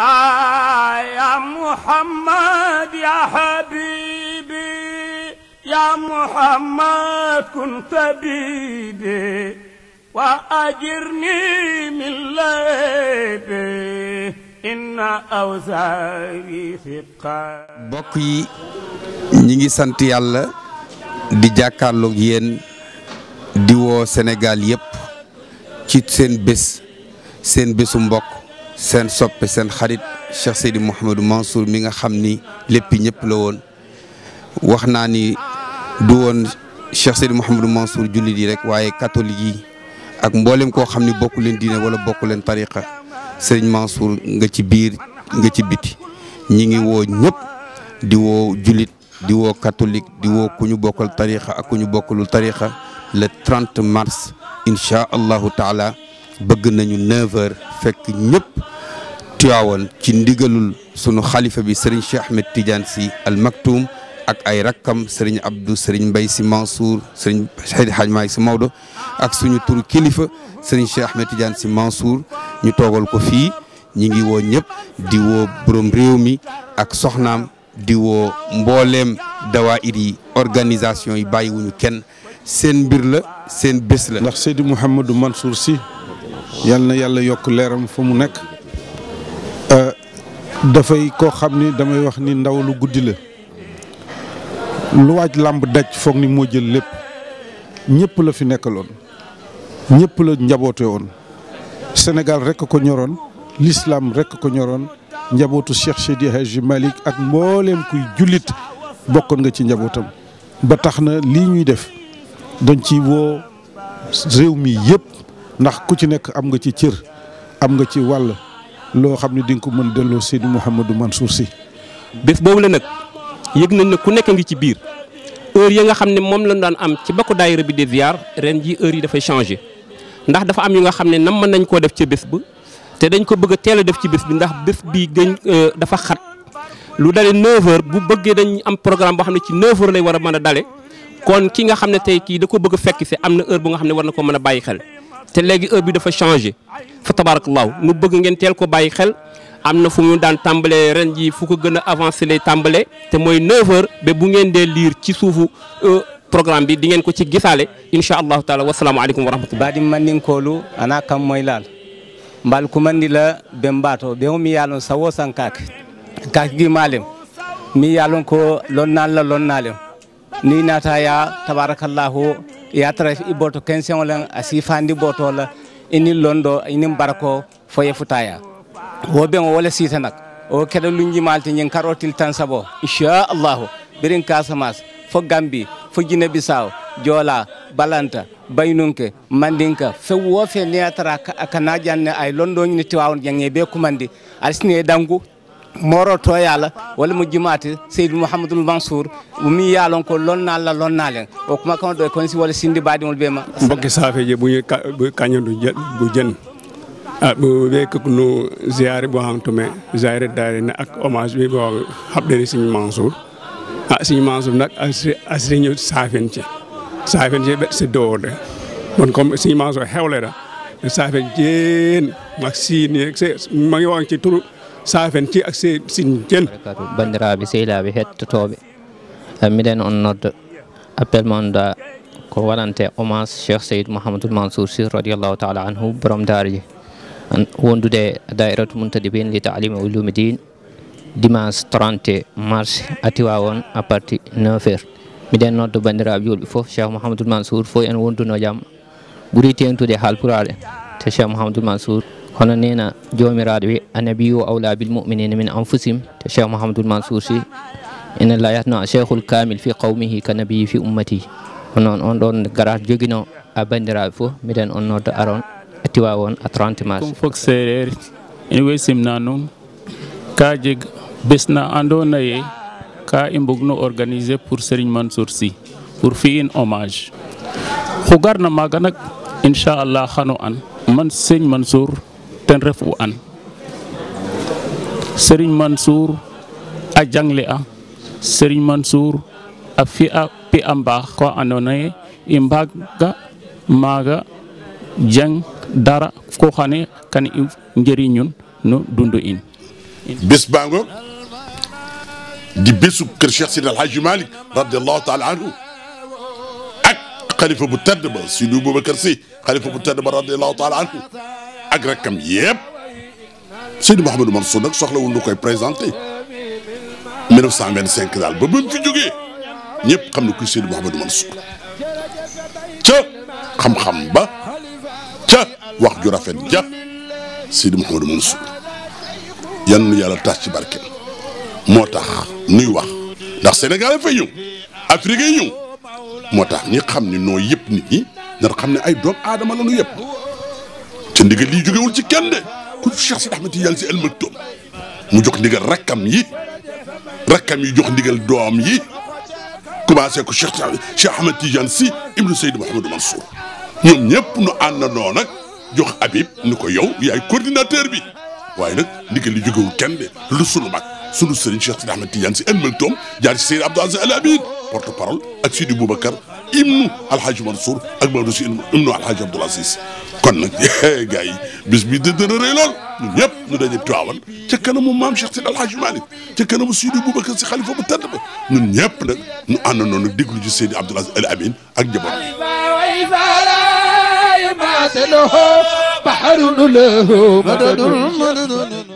آه يا محمد يا حبيبي يا محمد كن طبيبي وأجرني من ليبي إن أوزاري ثقة بقي نيجي سانت يالا دي جاكارلوك يين di woo Sénégal yëpp ci seen bés seen bésu mbokk seen soppe seen xarit Cheikh Seydi Mouhamadou Mansour mi nga xam ni lépp ñëpp la woon wax naa ni du woon Cheikh Seydi Mouhamadou Mansour jullit yi rek waaye catholique yi ak mboolem koo xam ni bokku leen diine wala bokku leen tariqa sëriñ Mansour nga ci biir nga ci biti ñi ngi woo ñëpp di woo jullit di woo catholique di woo ku ñu bokkal tariqa ak ku ñu bokkalul tariqa le 30 mars incha allahu taala bëgg nañu 9h. fekk ñëpp Tiwaawoon ci ndigalul sunu xalifa bi sëriñ Cheikh Ahmed Tidiane si al maktuum ak ay rakkam sëriñ Abdou sëriñ Mbay si Mansour sëriñ Seydi Maay si Maodo ak suñu turu kilifa sëriñ Cheikh Ahmed Tidiane si Mansour ñu toogal ko fii ñu ngi woo ñëpp di woo borom réew mi ak soxnaam di woo mbooleem dawaayir yi organisation yi bàyyiwuñu kenn seen mbir la seen bés la. ndax Seydi Mouhamadou Mansour si. yal na yàlla yokk leeram fa mu nekk euh, dafay koo xam ni damay wax ni ndaw lu guddi la lu waaj làmb daj foog ni moo jël lépp ñëpp la fi nekkaloon ñëpp la njaboote woon Sénégal rekk ko ñoroon l'islam rekk ko ñoroon njabootu Cheikh Seydi Hadji Malick ak mbooleem kuy jullit bokkoon nga ci njabootam ba tax na lii ñuy def dañ ci woo réew mi yëpp ndax ku ci nekk am nga ci cër am nga ci wàll loo xam ne di ko mën delloo Seydi man suur si bés boobu la nag yëg nañ ne ku nekk ngi ci biir heure yi nga xam ne moom lañ daan am ci bakku daayira bi di ziar ren ji heure yi dafay changé ndax dafa am yu nga xam ne nam mën nañ koo def ci bés ba te dañ ko bëgg a teel a def ci bés bi ndax bés bi gën euh, dafa xat lu dale 9h bu bëggee dañ am programme boo xam ne ci 9h lay war a mën a dale kon ki nga xam ne tey kii da ko bëgg a na heure bu nga xam ne war na ko mën a bàyyi xel. te léegi heure bi dafa changé fa tabarakallahu mu bëgg ngeen teel ko bàyyi xel am na fu mu daan tambale ren ji fu ko gën a avancé lay tàmbalee te mooy 9h ba bu ngeen dee liir ci suufu euh, programme bi di ngeen ko ci gisaale incha allahu taala wasalaamualeykum man rahmatullah baadi mandinkolu ana kam moylal mbal kumandila ɓe mbato ɓe mi yaalon sawo san kake kake gimalem mi yaalon ko lonnalla lonnalem ni nataya tabarakallahu yatra i boto kenseŋoleŋ a si fandi boto la inin i inin barako fo ye futaya wo beŋo wo le siita nak wo keta lunjimaal ti ñiŋ karotil tan sabo inchallahu birin kasamas fo gambi fo jine bisaw joola balanta baynunke mandinka few wo fe ne yatara a kana janne ay londoñini tiwawon jaŋe be kumandi alasine dangu moroto yala wala mo jumaate seydou mouhamadoul mansour mi yalon ko lonnal la lonnalen o kuma kan ɗo kon si walla sindi badimol be ma mbokki safeji buñi a bu jen ɓe ah, no ziyare bo hamtume ziyare darine ak hommage ɓe ɓo haɓɗene signe mansour a ah, signe mansour nak asriño safenci safenci ɓe si dowode on comme signe mansour hewlera safe jeen ak siine magi wan ci turu saafen ci ak sin ten banndiraaɓe sehiilaaɓe hettotooɓe miɗen on nodda appel manduɗa ko waɗante hommage cheikh seydou mouhamadoul mansour sy radiallahu taala anhu borom daarji wondude dairatu muntadibin li taalimi ulumi din mars atiwa on à partir 9 heures miɗen nodda banndiraaɓe julɓe fof cheikh mouhamadoul en wonduno jaam ɓuri tengtude haalpuraar en te cheikh mouhamadoul mansour kono nee na annabiyu awla bil min anfusihim te cheikh mouhamadoul mansour si ina la yatno cheikhul kamil fi qawmihi ka nabiyi fi ummati onoon on ɗon garat jogino a banndiraaɓe fof miɗen on nodda aron tiwa won a 30 mars ɗum fof séréer ina wesimna noon ka jeg besna ando naye ka i mbogno organisé pour serigne mansour si pour fi in hommage xu garna maaga nak inchallah xano an man serigne ten ref u an serigne mansour a jangle a serigne mansour a fi'a pi'a mbaax ka andoona yee i mbaagga maaga jang dara ko xane kan i njëriñun no dundu in bés baa ngoog di bésu kër Cheikh Sidi Alhaji Malick radiallahu taala anhu ak xalifa bu tedd ba Sidi Boubacar Sy xalifa bu tedd ba radiallahu taala anhu ak rakkam yëpp Seydi Mouhamadou Mansour nag wul nu koy présenté 1925 daal ba ba mu fi jógee ñëpp xam ne kuy Seydi Mouhamadou Mansour ca xam-xam ba ca wax ju rafet ja Seydi Mouhamadou Mansour yan nu yàlla tax ci barke moo tax nuy wax ndax Sénégal fay ñëw Afrique yi moo tax ñi xam ni noo yëpp nit ñi nar xam ne ay doom aadama la nu yëpp ca ndigal lii jógewul ci kenn de ku Cheikh Sidi Ahmed Tidiane Sy Al Maktoum mu jox ndigal rakkam yi rakkam yi jox ndigal doom yi commencé ko Cheikh Cheikh Ahmed Tidiane Sy ibnu Seyd Mouhamadou Mansour ñoom ñëpp nu àndandoo nag jox Habib ni ko yow yaay coordinateur bi waaye nag ndigal li jógewul kenn lu sunu mag sunu sëriñ Cheikh Sidi Ahmed Tidiane Sy Al Maktoum jaar ci Seyd Abdou Aziz Al Amin porte parole ak Sidi Boubacar imnu alhaji Mansour ak Maodo si imnu alhaji Abdoul Aziz kon nag gars yi bis bi dina rëy lool ñun ñëpp ñu daje Tiwaawan ca kanamu maam Cheikh Seydi alhaji Malick ca kanamu Seydi Boubacar si xalifa bu tedd ba ñun ñëpp nag ñu àndandoo nag déglu ci Seydi Abdoul Aziz Al Amin ak njaboot bi.